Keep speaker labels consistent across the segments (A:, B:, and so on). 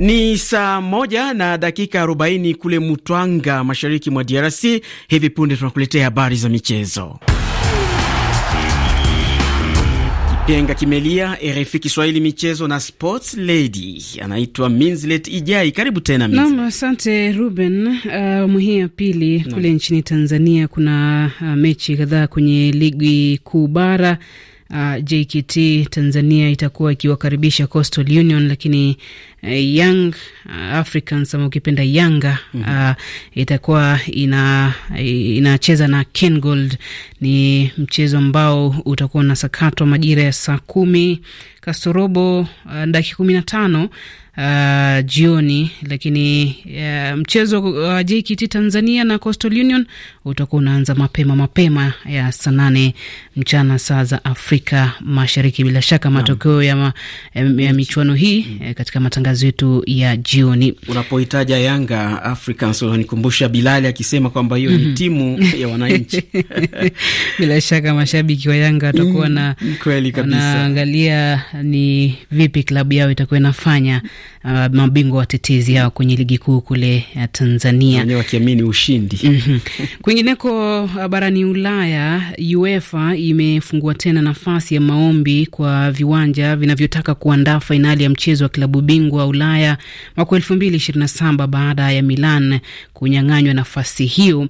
A: Ni saa moja na dakika arobaini kule Mutwanga, mashariki mwa DRC. Hivi punde tunakuletea habari za michezo. Kipenga kimelia. RFI Kiswahili michezo na sports lady anaitwa Minslet Ijai, karibu tena nam.
B: asante Ruben. Awamu uh, hii ya pili kule nchini Tanzania kuna uh, mechi kadhaa kwenye ligi kuu bara Uh, JKT Tanzania itakuwa ikiwakaribisha Coastal Union, lakini Eh, young uh, Africans ama ukipenda Yanga mm -hmm. uh, mhm. itakuwa ina inacheza na Kengold. Ni mchezo ambao utakuwa na sakato majira ya saa kumi kasorobo uh, dakika kumi na tano uh, jioni, lakini uh, mchezo wa uh, JKT Tanzania na Coastal Union utakuwa unaanza mapema mapema ya saa nane mchana saa za Afrika Mashariki. Bila shaka matokeo ya, ma, ya michuano hii mm -hmm. katika matangazo matangazo yetu ya jioni.
A: Unapohitaja Yanga Africans unanikumbusha Bilali akisema kwamba hiyo mm -hmm. ni mhm. timu ya wananchi
B: bila shaka mashabiki wa Yanga watakuwa mm, na wanaangalia ni vipi klabu yao itakuwa inafanya uh, mabingwa watetezi hao kwenye ligi kuu kule ya uh, Tanzania wakiamini ushindi mm -hmm. Kwingineko uh, barani Ulaya, UEFA imefungua tena nafasi ya maombi kwa viwanja vinavyotaka kuandaa fainali ya mchezo wa klabu bingwa wa Ulaya mwaka elfu mbili saba baada ya Milan kunyang'anywa nafasi hiyo. Uh,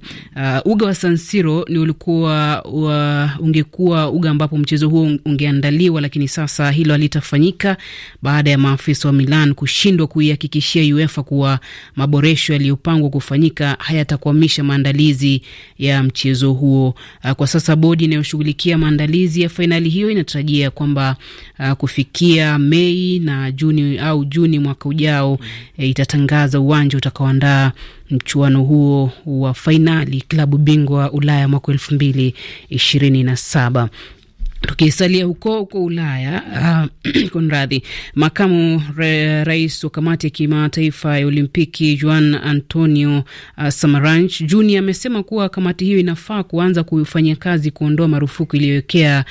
B: uga wa San Siro ni ulikuwa wa, ungekuwa uga ambapo mchezo huo ungeandaliwa, lakini sasa hilo halitafanyika baada ya maafisa wa Milan kushindwa kuihakikishia UEFA kuwa maboresho yaliyopangwa kufanyika hayatakwamisha maandalizi ya mchezo huo. Uh, kwa sasa bodi inayoshughulikia maandalizi ya fainali hiyo inatarajia kwamba uh, kufikia Mei na Juni au Juni mwaka ujao e, itatangaza uwanja utakaoandaa mchuano huo wa fainali klabu bingwa Ulaya mwaka elfu mbili ishirini na saba. Tukisalia huko huko Ulaya, uh, kunradhi, makamu re, rais wa kamati ya kimataifa ya Olimpiki Juan Antonio uh, Samaranch Juni amesema kuwa kamati hiyo inafaa kuanza kufanya kazi kuondoa marufuku iliyowekea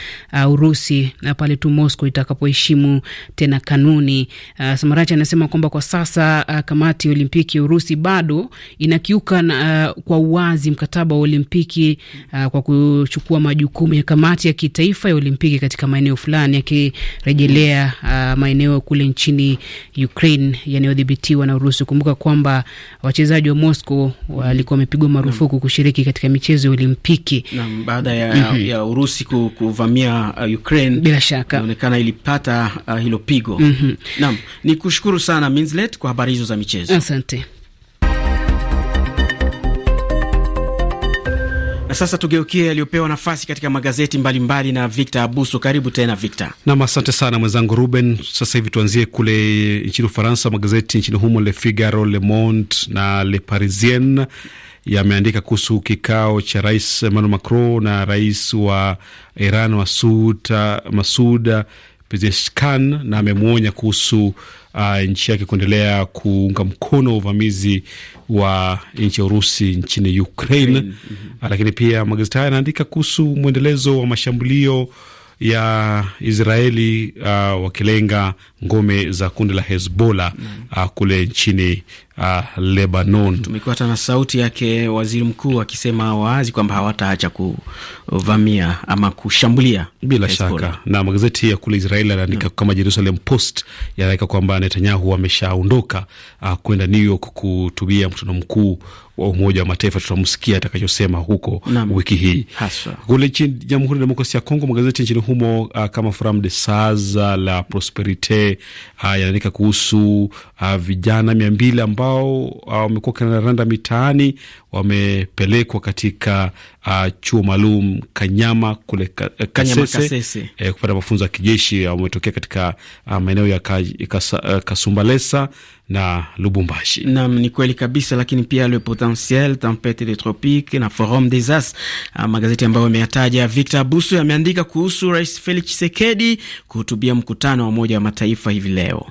B: uh, Urusi uh, pale tu Moscow itakapoheshimu tena kanuni. Uh, Samaranch anasema kwamba kwa sasa uh, kamati ya Olimpiki ya Urusi bado inakiuka na, uh, kwa uwazi mkataba wa Olimpiki uh, kwa kuchukua majukumu ya kamati ya kitaifa ya Olimpiki katika maeneo fulani, akirejelea uh, maeneo kule nchini Ukraine yanayodhibitiwa na Urusi. Kumbuka kwamba wachezaji wa Moscow walikuwa wamepigwa marufuku kushiriki katika michezo ya Olimpiki baada ya, mm -hmm.
A: ya Urusi kuvamia uh, Ukraine. Bila shaka inaonekana ilipata uh, hilo pigo. mm -hmm. Naam, ni kushukuru sana Minslet kwa habari hizo za michezo, asante. Na sasa tugeukie yaliyopewa nafasi katika magazeti mbalimbali mbali na Victor Abuso. Karibu tena Victor.
C: Nam, asante sana mwenzangu Ruben. Sasa hivi tuanzie kule nchini Ufaransa. Magazeti nchini humo Le Figaro, Le Monde na Le Parisien yameandika kuhusu kikao cha Rais Emmanuel Macron na rais wa Iran Masuda Pezeshkan, na amemwonya kuhusu uh, nchi yake kuendelea kuunga mkono uvamizi wa nchi ya Urusi nchini Ukraine. mm -hmm. Lakini pia magazeti haya yanaandika kuhusu mwendelezo wa mashambulio ya Israeli uh, wakilenga ngome za kundi la Hezbollah mm -hmm. uh, kule nchini uh, Lebanon. Tumekuwa hata na sauti yake waziri mkuu akisema wazi kwamba hawataacha kuvamia ama kushambulia bila Hezbollah. shaka na magazeti ya kule Israeli anaandika no. Mm. kama Jerusalem Post yanaweka kwamba Netanyahu ameshaondoka uh, kwenda New York kutumia mkutano mkuu wa Umoja wa Mataifa. Tutamsikia atakachosema huko Naam. wiki hii Kule nchini Jamhuri ya Demokrasia ya Kongo, magazeti nchini humo uh, kama Forum des As la Prosperite uh, yanaandika kuhusu uh, vijana mia mbili ambao wao wamekuwa uh, wakinaranda mitaani wamepelekwa katika uh, chuo maalum Kanyama kule ka, uh, Kasese, Kasese. Eh, kupata mafunzo ya kijeshi. Eh, wametokea katika uh, maeneo ya ka, kas, uh, eh, Kasumbalesa na Lubumbashi. Naam, ni kweli kabisa, lakini pia Le Potentiel, Tempete
A: de Tropique na Forum des As, uh, magazeti ambayo ameyataja. Victor Abusu ameandika kuhusu
C: Rais Felix Tshisekedi kuhutubia mkutano wa Umoja wa Mataifa hivi leo,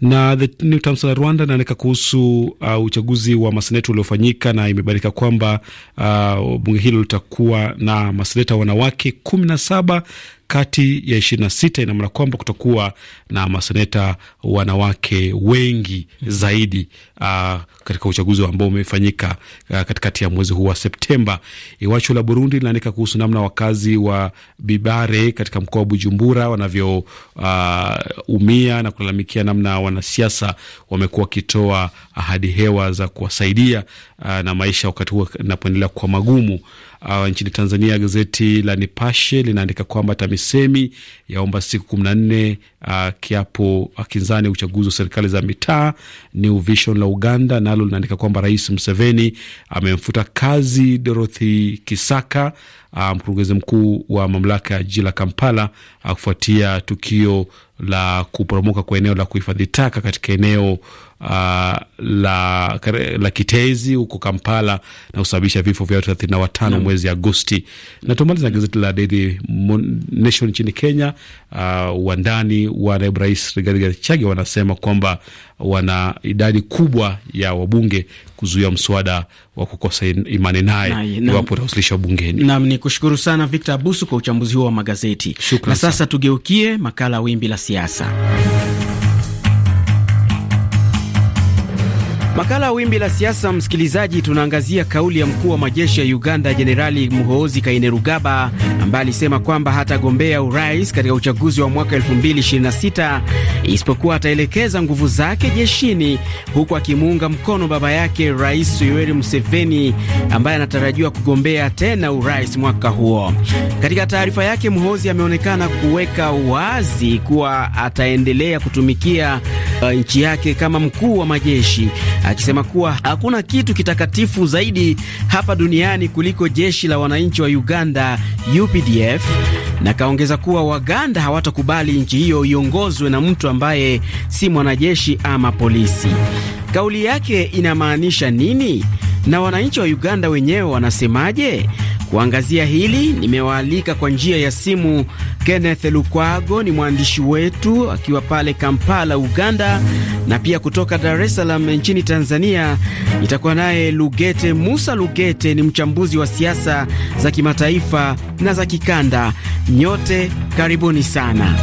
C: na The New Times la Rwanda inaandika kuhusu uh, uchaguzi wa maseneta uliofanyika na imebadilika kukubalika kwamba uh, bunge hilo litakuwa na maseneta wanawake kumi na saba kati ya 26 ina maana kwamba kutakuwa na maseneta wanawake wengi zaidi uh, katika uchaguzi ambao umefanyika uh, katikati ya mwezi huu wa Septemba. Iwacho la Burundi linaandika kuhusu namna wakazi wa Bibare katika mkoa wa Bujumbura wanavyoumia uh, na kulalamikia namna wanasiasa wamekuwa wakitoa ahadi hewa za kuwasaidia uh, na maisha wakati huo inapoendelea kuwa magumu. Uh, nchini Tanzania gazeti la Nipashe linaandika kwamba TAMISEMI yaomba siku kumi na nne uh, kiapo akinzani uh, uchaguzi wa serikali za mitaa. New Vision la Uganda nalo linaandika kwamba Rais Museveni amemfuta kazi Dorothy Kisaka, uh, mkurugenzi mkuu wa mamlaka ya jiji la Kampala, uh, kufuatia tukio la kuporomoka kwa eneo la kuhifadhi taka katika eneo uh, la, la Kitezi huko Kampala na kusababisha vifo vya watu thelathini na watano mwezi Agosti. Na tumaliza na gazeti la Daily Nation nchini Kenya uh, wandani wa naibu rais Rigathi Gachagua wanasema kwamba wana idadi kubwa ya wabunge kuzuia mswada wa kukosa imani naye iwapo utawasilisha bungeni.
A: Nam ni kushukuru sana Victor Abusu kwa uchambuzi huo wa magazeti. Shukran na sasa sana. Tugeukie makala Wimbi la Siasa. Makala wimbi la siasa, msikilizaji, tunaangazia kauli ya mkuu wa majeshi ya Uganda Jenerali Muhoozi Kainerugaba ambaye alisema kwamba hatagombea urais katika uchaguzi wa mwaka 2026 isipokuwa ataelekeza nguvu zake jeshini, huku akimuunga mkono baba yake Rais Yoweri Museveni ambaye anatarajiwa kugombea tena urais mwaka huo. Katika taarifa yake, Muhoozi ameonekana kuweka wazi kuwa ataendelea kutumikia uh, nchi yake kama mkuu wa majeshi akisema kuwa hakuna kitu kitakatifu zaidi hapa duniani kuliko jeshi la wananchi wa Uganda UPDF, na kaongeza kuwa Waganda hawatakubali nchi hiyo iongozwe na mtu ambaye si mwanajeshi ama polisi. Kauli yake inamaanisha nini na wananchi wa Uganda wenyewe wanasemaje? Kuangazia hili nimewaalika kwa njia ya simu Kenneth Lukwago, ni mwandishi wetu akiwa pale Kampala, Uganda, na pia kutoka Dar es Salaam nchini Tanzania nitakuwa naye Lugete Musa. Lugete ni mchambuzi wa siasa za kimataifa na za kikanda. Nyote karibuni sana.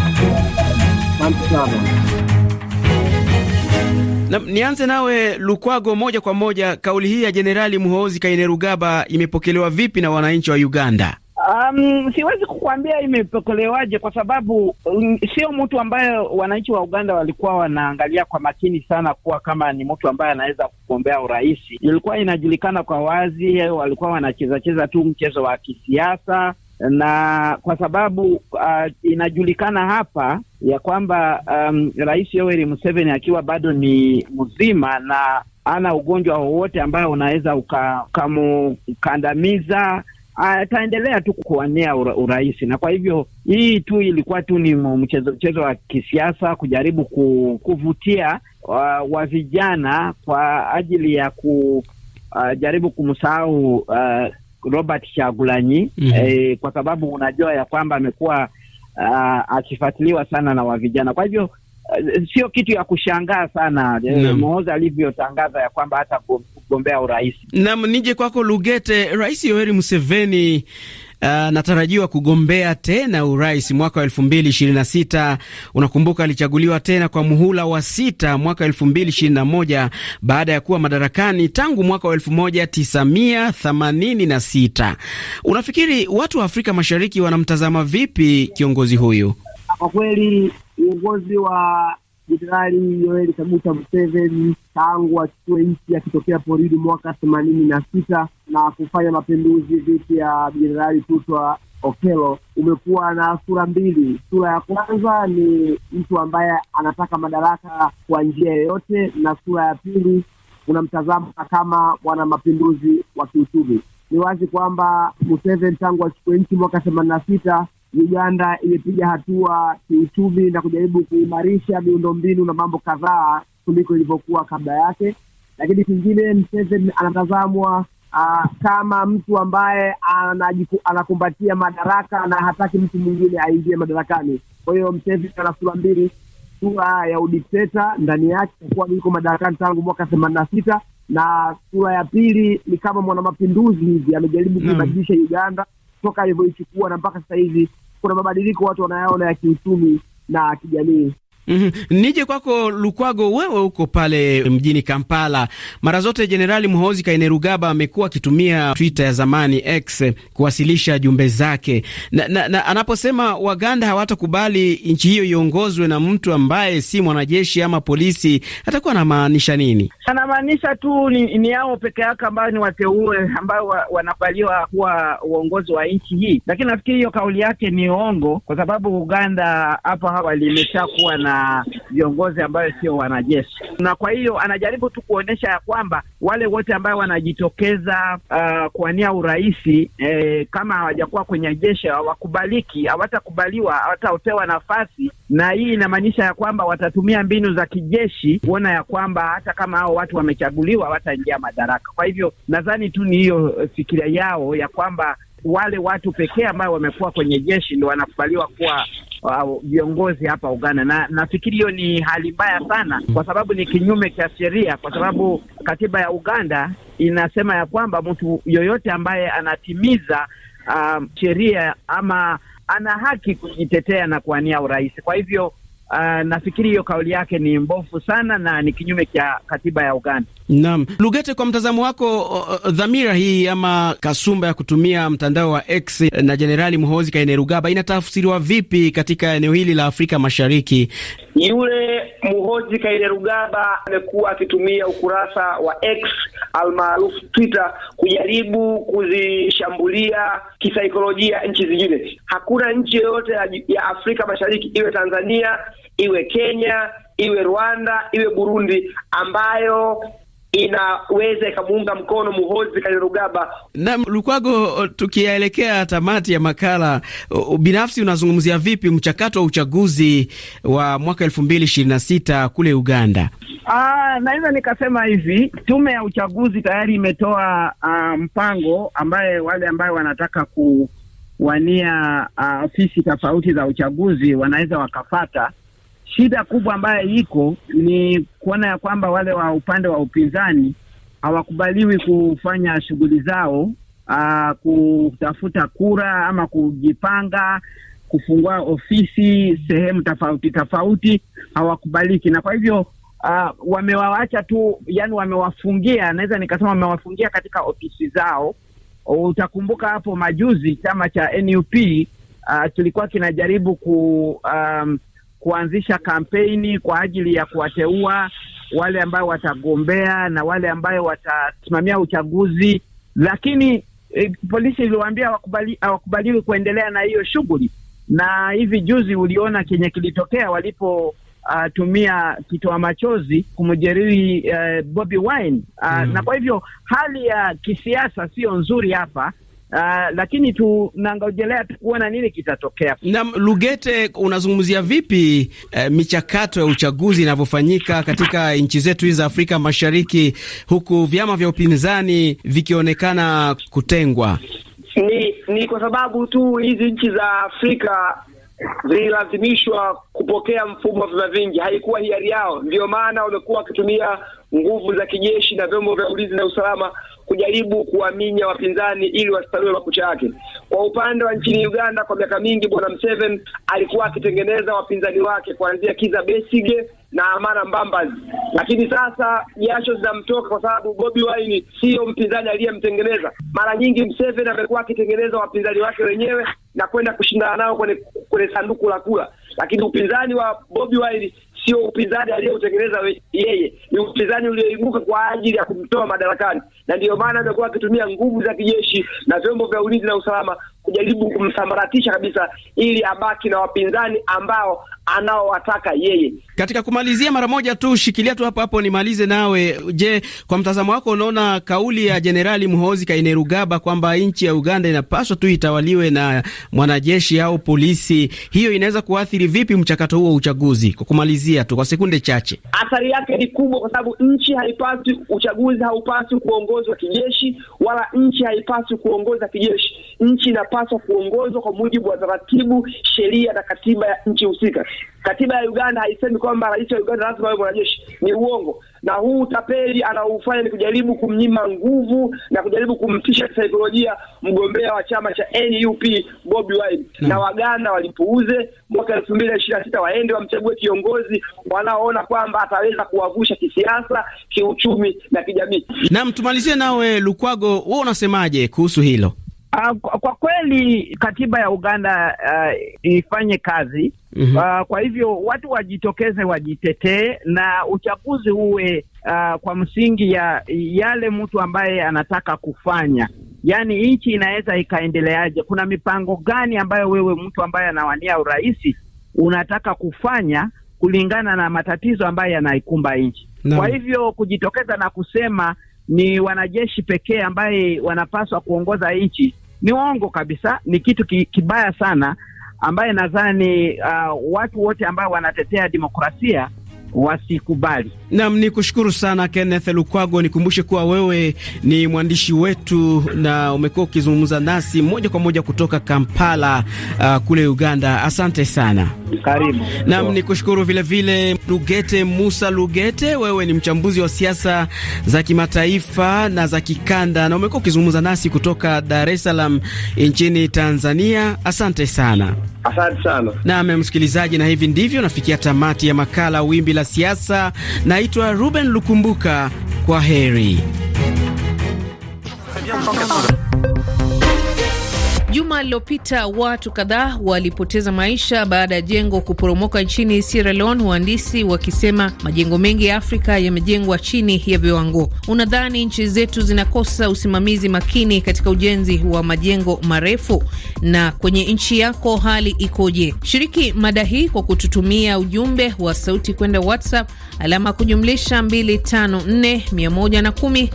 A: Na, nianze nawe Lukwago, moja kwa moja, kauli hii ya Jenerali Muhoozi Kainerugaba imepokelewa vipi na wananchi wa Uganda?
D: Um, siwezi kukuambia imepokelewaje kwa sababu um, sio mtu ambaye wananchi wa Uganda walikuwa wanaangalia kwa makini sana kuwa kama ni mtu ambaye anaweza kugombea urais. Ilikuwa inajulikana kwa wazi, walikuwa wanachezacheza tu mchezo wa kisiasa na kwa sababu uh, inajulikana hapa ya kwamba um, Rais Yoweri Museveni akiwa bado ni mzima na ana ugonjwa wowote ambao unaweza ukamkandamiza uh, ataendelea tu kuwania ura urais, na kwa hivyo hii tu ilikuwa tu ni mchezo mchezo wa kisiasa kujaribu ku, kuvutia uh, wa vijana kwa ajili ya kujaribu uh, kumsahau uh, Robert Chagulanyi mm -hmm. E, eh, kwa sababu unajua ya kwamba amekuwa uh, akifuatiliwa sana na wavijana, kwa hivyo uh, sio kitu ya kushangaa sana mm. Eh, Mohozi alivyotangaza ya kwamba hata kugombea urais.
A: Naam, nije kwako Lugete. Rais Yoweri Museveni uh, natarajiwa kugombea tena urais mwaka wa elfu mbili ishirini na sita. Unakumbuka alichaguliwa tena kwa muhula wa sita mwaka elfu mbili ishirini na moja baada ya kuwa madarakani tangu mwaka wa elfu moja tisa mia themanini na sita. Unafikiri watu wa Afrika Mashariki wanamtazama vipi kiongozi huyu?
D: Kwa kweli uongozi wa Jenerali Yoeli Kaguta Museveni tangu achukue nchi akitokea porini mwaka themanini na sita na kufanya mapinduzi dhidi ya jenerali Tutwa Okelo umekuwa na sura mbili. Sura ya kwanza ni mtu ambaye anataka madaraka kwa njia yoyote, na sura ya pili unamtazama kama wana mapinduzi wa kiuchumi. Ni wazi kwamba Museveni tangu achukue nchi mwaka themanini na sita Uganda imepiga hatua kiuchumi na kujaribu kuimarisha miundombinu na mambo kadhaa kuliko ilivyokuwa kabla yake. Lakini kingine, Mseveni anatazamwa uh, kama mtu ambaye anajiku, anakumbatia madaraka na hataki mtu mwingine aingie madarakani. Kwa hiyo Mseveni ana sura mbili, sura ya udikteta ndani yake kuwa yuko madarakani tangu mwaka themanini na sita na sura ya pili ni kama mwanamapinduzi hivi, amejaribu kuibadilisha Uganda toka alivyoichukua na mpaka sasa hivi kuna mabadiliko watu wanayaona ya kiuchumi na kijamii.
A: Mm -hmm. Nije kwako Lukwago, wewe uko pale mjini Kampala. Mara zote Jenerali Muhozi Kainerugaba amekuwa akitumia Twitter ya zamani X kuwasilisha jumbe zake na, na, na anaposema Waganda hawatakubali nchi hiyo iongozwe na mtu ambaye si mwanajeshi ama polisi, atakuwa anamaanisha nini?
D: Anamaanisha tu ni, ni yao peke yake ambayo ni wateue ambayo wa, wanakubaliwa kuwa uongozi wa nchi hii, lakini nafikiri hiyo kauli yake ni ongo, kwa sababu Uganda hapo awali imeshakuwa na na viongozi ambayo sio wanajeshi, na kwa hiyo anajaribu tu kuonyesha ya kwamba wale wote ambayo wanajitokeza uh, kuwania urahisi eh, kama hawajakuwa kwenye jeshi hawakubaliki, hawatakubaliwa, hawataopewa nafasi, na hii inamaanisha ya kwamba watatumia mbinu za kijeshi kuona ya kwamba hata kama hao watu wamechaguliwa hawataingia madaraka. Kwa hivyo nadhani tu ni hiyo eh, fikiria yao ya kwamba wale watu pekee ambao wamekuwa kwenye jeshi ndo wanakubaliwa kuwa viongozi hapa Uganda, na nafikiri hiyo ni hali mbaya sana, kwa sababu ni kinyume cha sheria, kwa sababu katiba ya Uganda inasema ya kwamba mtu yoyote ambaye anatimiza um, sheria ama ana haki kujitetea na kuania urais. Kwa hivyo Uh, nafikiri hiyo kauli yake ni mbofu sana na ni kinyume cha katiba ya Uganda.
A: Naam, Lugete, kwa mtazamo wako uh, dhamira hii ama kasumba ya kutumia mtandao wa X na Jenerali Muhoozi Kainerugaba inatafsiriwa vipi katika eneo hili la Afrika Mashariki
D: yule muhoji Kaile Rugaba amekuwa akitumia ukurasa wa X almaarufu Twitter kujaribu kuzishambulia kisaikolojia nchi zingine. Hakuna nchi yoyote ya Afrika Mashariki, iwe Tanzania, iwe Kenya, iwe Rwanda, iwe Burundi ambayo inaweza ikamuunga mkono Muhozi Kainerugaba.
A: Na Lukwago, tukiyaelekea tamati ya makala, binafsi unazungumzia vipi mchakato wa uchaguzi wa mwaka elfu mbili ishirini na sita kule Uganda?
D: Ah, naweza nikasema hivi, tume ya uchaguzi tayari imetoa uh, mpango ambaye wale ambayo wanataka kuwania uh, ofisi tofauti za uchaguzi wanaweza wakafata Shida kubwa ambayo iko ni kuona ya kwamba wale wa upande wa upinzani hawakubaliwi kufanya shughuli zao, aa, ah, kutafuta kura ama kujipanga kufungua ofisi sehemu tofauti tofauti, hawakubaliki na kwa hivyo ah, wamewawacha tu yani, wamewafungia, naweza nikasema wamewafungia katika ofisi zao. Utakumbuka hapo majuzi chama cha NUP uh, ah, kilikuwa kinajaribu ku um, kuanzisha kampeni kwa ajili ya kuwateua wale ambao watagombea na wale ambayo watasimamia uchaguzi, lakini eh, polisi iliwaambia hawakubaliwi kuendelea na hiyo shughuli. Na hivi juzi uliona kenye kilitokea walipo Uh, tumia kitoa machozi kumjeruhi uh, Bobi Wine uh, mm. Na kwa hivyo hali ya kisiasa siyo nzuri hapa, Uh, lakini tunangojelea tu kuona nini kitatokea.
A: Na Lugete, unazungumzia vipi eh, michakato ya uchaguzi inavyofanyika katika nchi zetu hizi za Afrika Mashariki huku vyama vya upinzani vikionekana kutengwa?
D: Ni, ni kwa sababu tu hizi nchi za Afrika zililazimishwa kupokea mfumo wa vyama vingi, haikuwa hiari yao, ndio maana wamekuwa wakitumia nguvu za kijeshi na vyombo vya ulinzi na usalama kujaribu kuwaminya wapinzani ili wasipanue makucha yake. Kwa upande wa nchini Uganda, kwa miaka mingi bwana Mseven alikuwa akitengeneza wapinzani wake kuanzia Kiza Besige na Amana Mbambazi, lakini sasa jasho zinamtoka kwa sababu Bobi Wine siyo mpinzani aliyemtengeneza. Mara nyingi Mseven amekuwa akitengeneza wapinzani wake wenyewe na kwenda kushindana nao kwenye kwenye sanduku la kula, lakini upinzani wa Bobi Wine sio upinzani aliyeutengeneza yeye, ni upinzani ulioibuka kwa ajili ya kumtoa madarakani, na ndiyo maana amekuwa akitumia nguvu za kijeshi na vyombo vya ulinzi na usalama kujaribu kumsambaratisha kabisa, ili abaki na
A: wapinzani ambao anaowataka yeye. Katika kumalizia, mara moja tu, shikilia tu hapo hapo, nimalize nawe. Je, kwa mtazamo wako, unaona kauli ya Jenerali Muhozi Kainerugaba kwamba nchi ya Uganda inapaswa tu itawaliwe na mwanajeshi au polisi, hiyo inaweza kuathiri vipi mchakato huo wa uchaguzi? Kwa kumalizia tu kwa sekunde chache,
D: athari yake ni kubwa, kwa sababu nchi haipaswi, uchaguzi haupaswi kuongozwa kijeshi, wala nchi haipaswi kuongoza kijeshi. Nchi ina inapaswa kuongozwa kwa mujibu wa taratibu, sheria na katiba ya nchi husika. Katiba ya Uganda haisemi kwamba rais wa Uganda lazima awe mwanajeshi, ni uongo. Na huu utapeli anaoufanya ni kujaribu kumnyima nguvu na kujaribu kumtisha kisaikolojia mgombea wa chama cha NUP Bobi Wine no. Na Waganda walipuuze mwaka elfu mbili na ishirini na sita waende wamchague kiongozi wanaoona kwamba ataweza kuwavusha kisiasa, kiuchumi na kijamii. Naam, tumalizie nawe Lukwago,
A: huo unasemaje kuhusu hilo?
D: Uh, kwa kweli katiba ya Uganda uh, ifanye kazi mm -hmm. Uh, kwa hivyo watu wajitokeze wajitetee na uchaguzi uwe uh, kwa msingi ya yale mtu ambaye anataka kufanya, yaani nchi inaweza ikaendeleaje? Kuna mipango gani ambayo wewe mtu ambaye anawania urais unataka kufanya kulingana na matatizo ambayo yanaikumba nchi no. Kwa hivyo kujitokeza na kusema ni wanajeshi pekee ambaye wanapaswa kuongoza nchi ni uongo kabisa, ni kitu ki, kibaya sana ambaye nadhani uh, watu wote ambao wanatetea demokrasia wasikubali.
A: Nam ni kushukuru sana Kenneth Lukwago. Nikumbushe kuwa wewe ni mwandishi wetu na umekuwa ukizungumza nasi moja kwa moja kutoka Kampala, uh, kule Uganda. Asante sana, karibu. Nam ni kushukuru vilevile Lugete Musa Lugete, wewe ni mchambuzi wa siasa za kimataifa na za kikanda na umekuwa ukizungumza nasi kutoka Dar es Salaam nchini Tanzania. Asante sana. Asante sana nam msikilizaji, na hivi ndivyo nafikia tamati ya makala Wimbi la Siasa. Naitwa Ruben Lukumbuka, kwa heri.
B: Juma lililopita watu kadhaa walipoteza maisha baada ya jengo kuporomoka nchini Sierra Leone, wahandisi wakisema majengo mengi ya Afrika yamejengwa chini ya viwango. Unadhani nchi zetu zinakosa usimamizi makini katika ujenzi wa majengo marefu? Na kwenye nchi yako hali ikoje? Shiriki mada hii kwa kututumia ujumbe wa sauti kwenda WhatsApp alama kujumlisha 254 110 000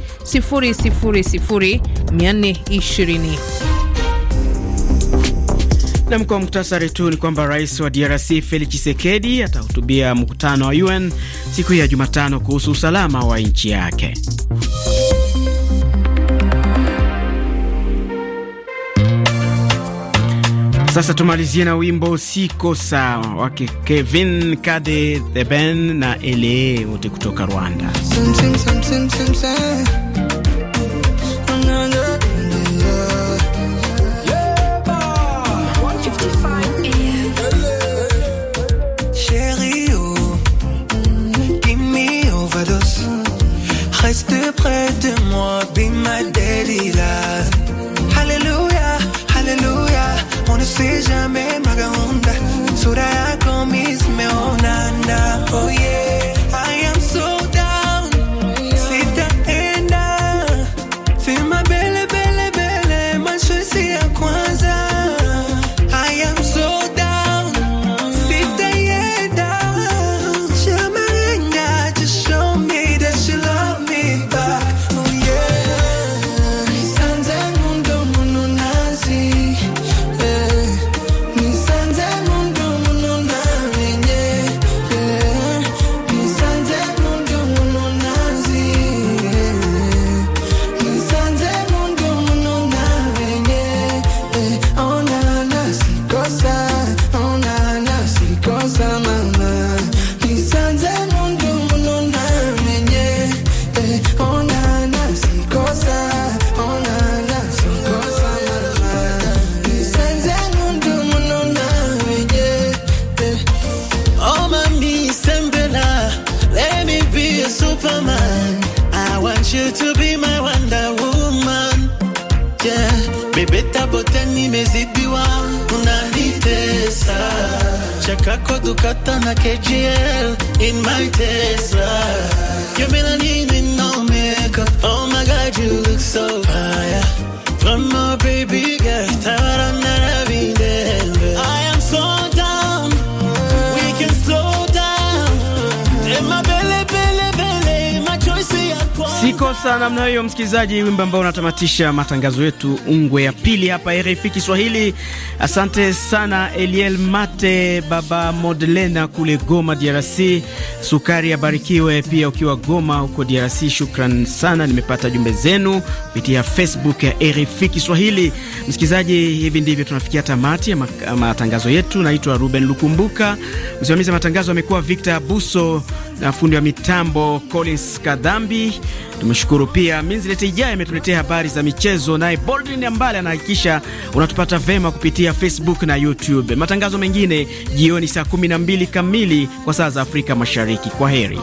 B: 420.
A: Nam, kwa muktasari tu ni kwamba rais wa DRC Felix chisekedi atahutubia mkutano wa UN siku ya Jumatano kuhusu usalama wa nchi yake. Sasa tumalizie na wimbo siko sawa wake Kevin Kade The Ben na Ele wote kutoka Rwanda.
B: Sim, sim, sim, sim, sim, sim.
D: moi, be my daddy là. Hallelujah, hallelujah, magaunda, sura yako mimi simeona na oh yeah.
A: want you to be my Wonder Woman. Yeah, bebe tabota nimezidiwa, unanitesa chakako dukata na KGL in my Tesla. You mean I need no makeup? Oh my God, you look so fire. One more baby girl, yeah. Sikosa namna hiyo, msikilizaji, wimbo ambao unatamatisha matangazo yetu ungwe ya pili hapa RFI Kiswahili. Asante sana Eliel Mate, baba Modelena kule Goma, DRC. Sukari abarikiwe pia ukiwa Goma huko DRC. Shukran sana, nimepata jumbe zenu kupitia Facebook ya RFI Kiswahili. Msikilizaji, hivi ndivyo tunafikia tamati ya matangazo yetu. Naitwa Ruben Lukumbuka, msimamizi wa matangazo amekuwa Victor Buso na fundi wa mitambo Collins Kadhambi. Tumeshukuru pia Minzileti Ijaya ametuletea habari za michezo, naye Boldrin Ambale anahakikisha unatupata vema kupitia Facebook na YouTube. Matangazo mengine jioni saa 12 kamili kwa saa za Afrika Mashariki. Kwa heri.